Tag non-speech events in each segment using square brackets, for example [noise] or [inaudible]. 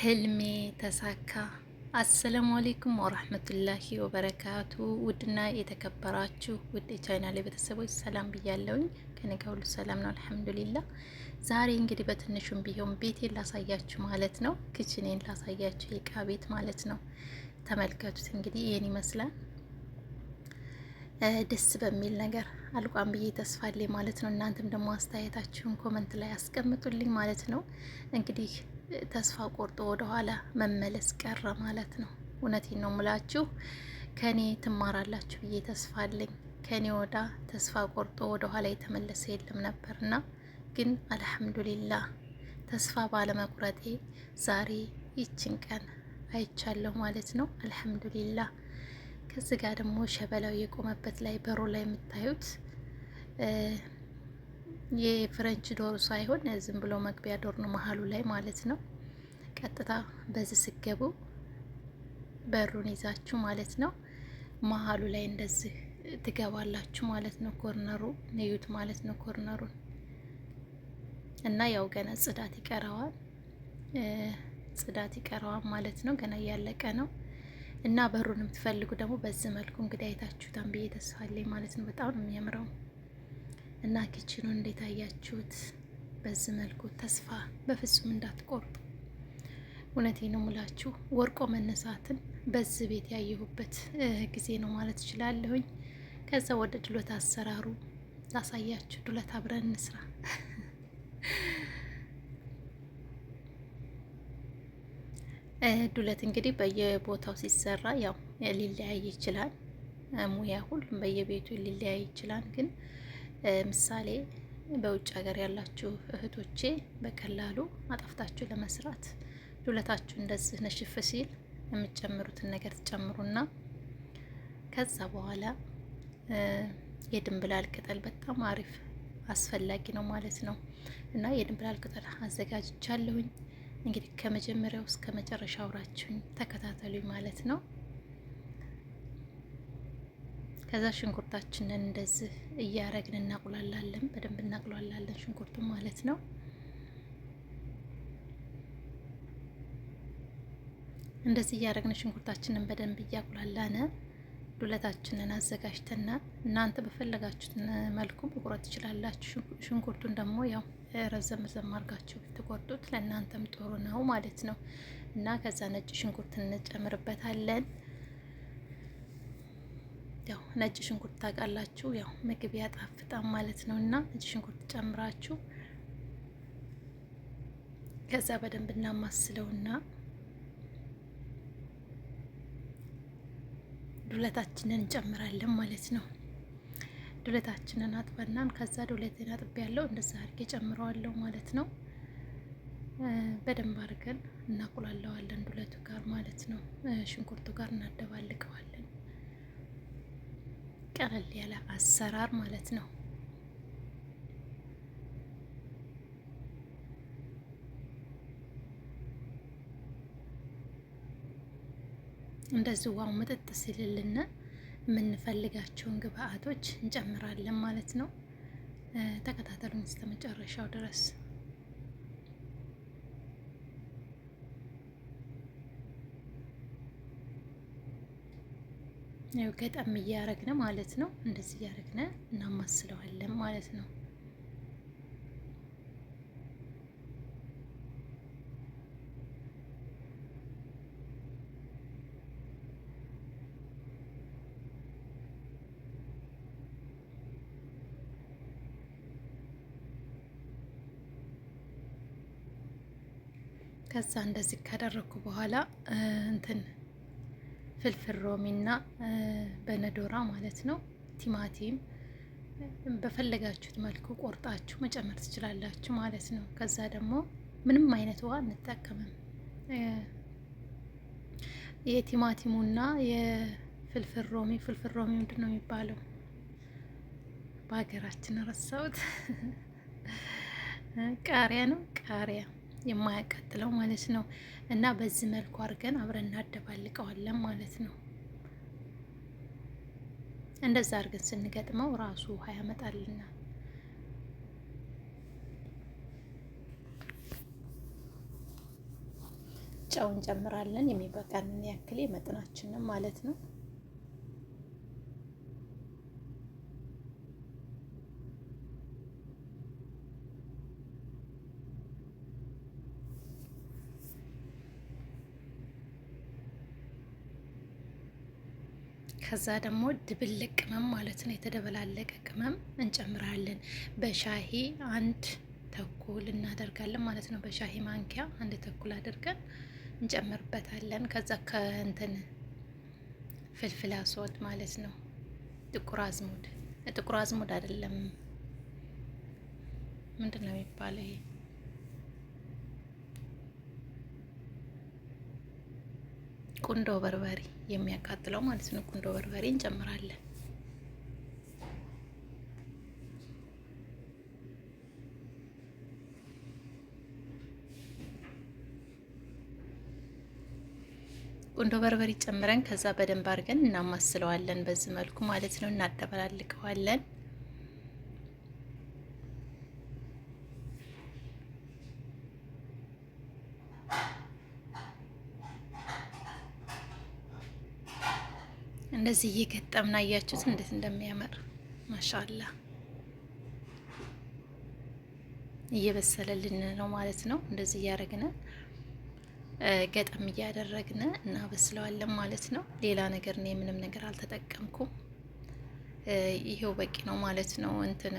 ህልሜ ተሳካ። አሰላሙ አሌይኩም ወራህመቱላሂ ወበረካቱ። ውድና የተከበራችሁ ውድ ላይ ቤተሰቦች ሰላም ብያለውኝ። ከነገ ሁሉ ሰላም ነው አልሐምዱሊላ። ዛሬ እንግዲህ በትንሹም ቢሆን ቤቴን ላሳያችሁ ማለት ነው። ክችኔን ላሳያችሁ የእቃ ቤት ማለት ነው። ተመልከቱት እንግዲህ ይህን ይመስላል። ደስ በሚል ነገር አልቋም ብዬ ተስፋሌ ማለት ነው። እናንተም ደግሞ አስተያየታችሁን ኮመንት ላይ አስቀምጡልኝ ማለት ነው እንግዲህ ተስፋ ቆርጦ ወደኋላ መመለስ ቀረ ማለት ነው። እውነቴን ነው የምላችሁ ከኔ ትማራላችሁ ብዬ ተስፋ አለኝ። ከኔ ወዳ ተስፋ ቆርጦ ወደኋላ የተመለሰ የለም ነበርና ግን አልሐምዱሊላህ ተስፋ ባለመቁረጤ ዛሬ ይችን ቀን አይቻለሁ ማለት ነው። አልሐምዱሊላህ ከዚህ ጋር ደግሞ ሸበላው የቆመበት ላይ በሩ ላይ የምታዩት የፍረንች ዶር ሳይሆን ዝም ብሎ መግቢያ ዶር ነው፣ መሀሉ ላይ ማለት ነው። ቀጥታ በዚህ ስገቡ በሩን ይዛችሁ ማለት ነው፣ መሀሉ ላይ እንደዚህ ትገባላችሁ ማለት ነው። ኮርነሩ ንዩት ማለት ነው። ኮርነሩን እና ያው ገና ጽዳት ይቀረዋል፣ ጽዳት ይቀረዋል ማለት ነው። ገና እያለቀ ነው። እና በሩን የምትፈልጉ ደግሞ በዚህ መልኩ እንግዲህ አይታችሁታን ብዬ ተስፋ ማለት ነው። በጣም ነው የሚያምረው። እና ኪችኑ እንዴት አያችሁት? በዚህ መልኩ ተስፋ በፍጹም እንዳትቆርጡ። እውነቴ ነው ሙላችሁ ወርቆ መነሳትን በዚህ ቤት ያየሁበት ጊዜ ነው ማለት እችላለሁኝ። ከዛ ወደ ድሎት አሰራሩ ላሳያችሁ። ድሎት አብረን እንስራ። ዱለት እንግዲህ በየቦታው ሲሰራ ያው ሊለያይ ይችላል። ሙያ ሁሉም በየቤቱ ሊለያይ ይችላል ግን ምሳሌ በውጭ ሀገር ያላችሁ እህቶቼ በቀላሉ አጠፍታችሁ ለመስራት ዱለታችሁ እንደዚህ ነሽፍ ሲል የምትጨምሩትን ነገር ትጨምሩና ከዛ በኋላ የድንብላል ቅጠል በጣም አሪፍ አስፈላጊ ነው ማለት ነው። እና የድንብላል ቅጠል አዘጋጅቻለሁኝ። እንግዲህ ከመጀመሪያው እስከ መጨረሻ አውራችሁኝ ተከታተሉኝ ማለት ነው። ከዛ ሽንኩርታችንን እንደዚህ እያረግን እናቁላላለን። በደንብ እናቁላላለን ሽንኩርቱ ማለት ነው። እንደዚህ እያረግን ሽንኩርታችንን በደንብ እያቁላላነ ዱለታችንን አዘጋጅተና እናንተ በፈለጋችሁት መልኩ መቁረጥ ትችላላችሁ። ሽንኩርቱን ደግሞ ያው ረዘም ረዘም አድርጋችሁ ብትቆርጡት ለእናንተም ጥሩ ነው ማለት ነው እና ከዛ ነጭ ሽንኩርት እንጨምርበታለን። ያው ነጭ ሽንኩርት ታውቃላችሁ፣ ያው ምግብ ያጣፍጣም ማለት ነው እና ነጭ ሽንኩርት ጨምራችሁ ከዛ በደንብ እናማስለውና ዱለታችንን እንጨምራለን ማለት ነው። ዱለታችንን አጥበናን ከዛ ዱለቴን አጥቤ ያለው እንደዛ አድርጌ ጨምረዋለሁ ማለት ነው። በደንብ አድርገን እናቁላለዋለን ዱለቱ ጋር ማለት ነው። ሽንኩርቱ ጋር እናደባልቀዋለን። ቀለል ያለ አሰራር ማለት ነው። እንደዚህ ዋው መጠጥ ሲልልና የምንፈልጋቸውን ግብአቶች እንጨምራለን ማለት ነው። ተከታተሉን እስከ መጨረሻው ድረስ። ገጠም እያረግነ ማለት ነው። እንደዚህ እያረግነ እናማስለዋለን ማለት ነው። ከዛ እንደዚህ ካደረግኩ በኋላ እንትን ፍልፍል እና በነዶራ ማለት ነው። ቲማቲም በፈለጋችሁት መልኩ ቆርጣችሁ መጨመር ትችላላችሁ ማለት ነው። ከዛ ደግሞ ምንም አይነት ውሃ እንጠቀምም። የቲማቲሙና የፍልፍል ሮሚ ፍልፍል ሮሚ ምንድን ነው የሚባለው በሀገራችን ረሳሁት። [laughs] ቃሪያ ነው ቃሪያ የማያቃጥለው ማለት ነው። እና በዚህ መልኩ አድርገን አብረን እናደባልቀዋለን ማለት ነው። እንደዛ አድርገን ስንገጥመው ራሱ ውሃ ያመጣልናል። ጨው እንጨምራለን የሚበቃንን ያክል ማለት ነው። ከዛ ደግሞ ድብልቅ ቅመም ማለት ነው የተደበላለቀ ቅመም እንጨምራለን። በሻሂ አንድ ተኩል እናደርጋለን ማለት ነው። በሻሂ ማንኪያ አንድ ተኩል አድርገን እንጨምርበታለን። ከዛ ከእንትን ፍልፍል አስወድ ማለት ነው። ጥቁር አዝሙድ ጥቁር አዝሙድ አይደለም ምንድን ነው የሚባለው ይሄ ቁንዶ በርበሬ የሚያቃጥለው ማለት ነው። ቁንዶ በርበሬ እንጨምራለን። ቁንዶ በርበሬ ጨምረን ከዛ በደንብ አድርገን እናማስለዋለን። በዚህ መልኩ ማለት ነው። እናጠበላልቀዋለን። እንደዚህ እየገጠምን አያችሁት እንዴት እንደሚያምር ማሻአላ። እየበሰለልን ነው ማለት ነው። እንደዚህ እያደረግን ገጠም እያደረግን እናበስለዋለን ማለት ነው። ሌላ ነገር ነው የምንም ነገር አልተጠቀምኩም። ይሄው በቂ ነው ማለት ነው። እንትን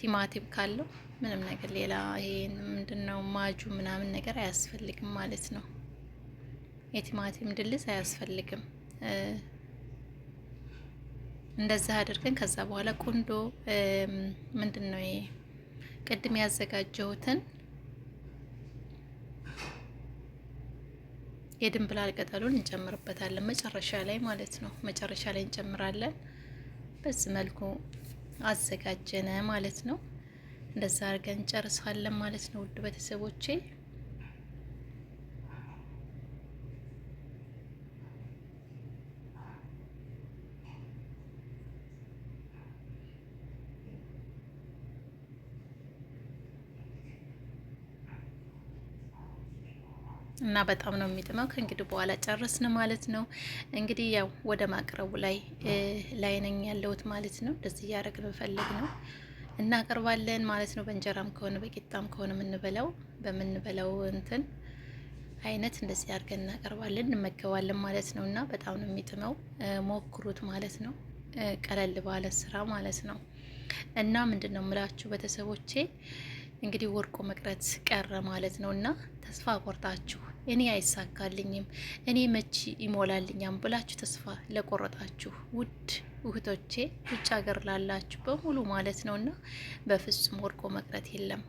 ቲማቲም ካለው ምንም ነገር ሌላ ይሄ ነው ማጁ ምናምን ነገር አያስፈልግም ማለት ነው። የቲማቲም ድልስ አያስፈልግም። እንደዚህ አድርገን ከዛ በኋላ ቁንዶ ምንድን ነው ይሄ ቅድም ያዘጋጀሁትን የድንብላል ቅጠሉን እንጨምርበታለን መጨረሻ ላይ ማለት ነው። መጨረሻ ላይ እንጨምራለን። በዚህ መልኩ አዘጋጀነ ማለት ነው። እንደዛ አድርገን እንጨርሳለን ማለት ነው። ውድ ቤተሰቦቼ እና በጣም ነው የሚጥመው። ከእንግዲህ በኋላ ጨረስን ማለት ነው። እንግዲህ ያው ወደ ማቅረቡ ላይ ላይ ነኝ ያለሁት ማለት ነው። እንደዚህ እያደረግን ፈለግ ነው እናቀርባለን ማለት ነው። በእንጀራም ከሆነ በቂጣም ከሆነ የምንበላው በምንበላው እንትን አይነት እንደዚህ አድርገን እናቀርባለን እንመገባለን ማለት ነው። እና በጣም ነው የሚጥመው፣ ሞክሩት ማለት ነው። ቀለል ባለ ስራ ማለት ነው። እና ምንድን ነው የምላችሁ ቤተሰቦቼ እንግዲህ ወርቆ መቅረት ቀረ ማለት ነው እና ተስፋ ቆርጣችሁ እኔ አይሳካልኝም እኔ መቼ ይሞላልኛም ብላችሁ ተስፋ ለቆረጣችሁ ውድ ውህቶቼ ውጭ ሀገር ላላችሁ በሙሉ ማለት ነው እና በፍጹም ወርቆ መቅረት የለም፣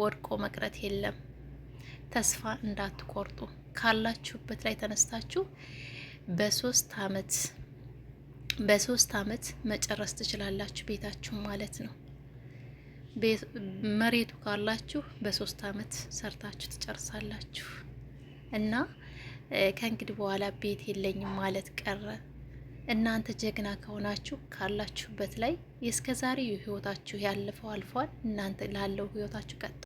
ወርቆ መቅረት የለም። ተስፋ እንዳትቆርጡ ካላችሁበት ላይ ተነስታችሁ በሶስት አመት በሶስት አመት መጨረስ ትችላላችሁ ቤታችሁ ማለት ነው። መሬቱ ካላችሁ በሶስት አመት ሰርታችሁ ትጨርሳላችሁ እና ከእንግዲህ በኋላ ቤት የለኝም ማለት ቀረ። እናንተ ጀግና ከሆናችሁ ካላችሁበት ላይ እስከ ዛሬ ህይወታችሁ ያለፈው አልፏል። እናንተ ላለው ህይወታችሁ ቀጥ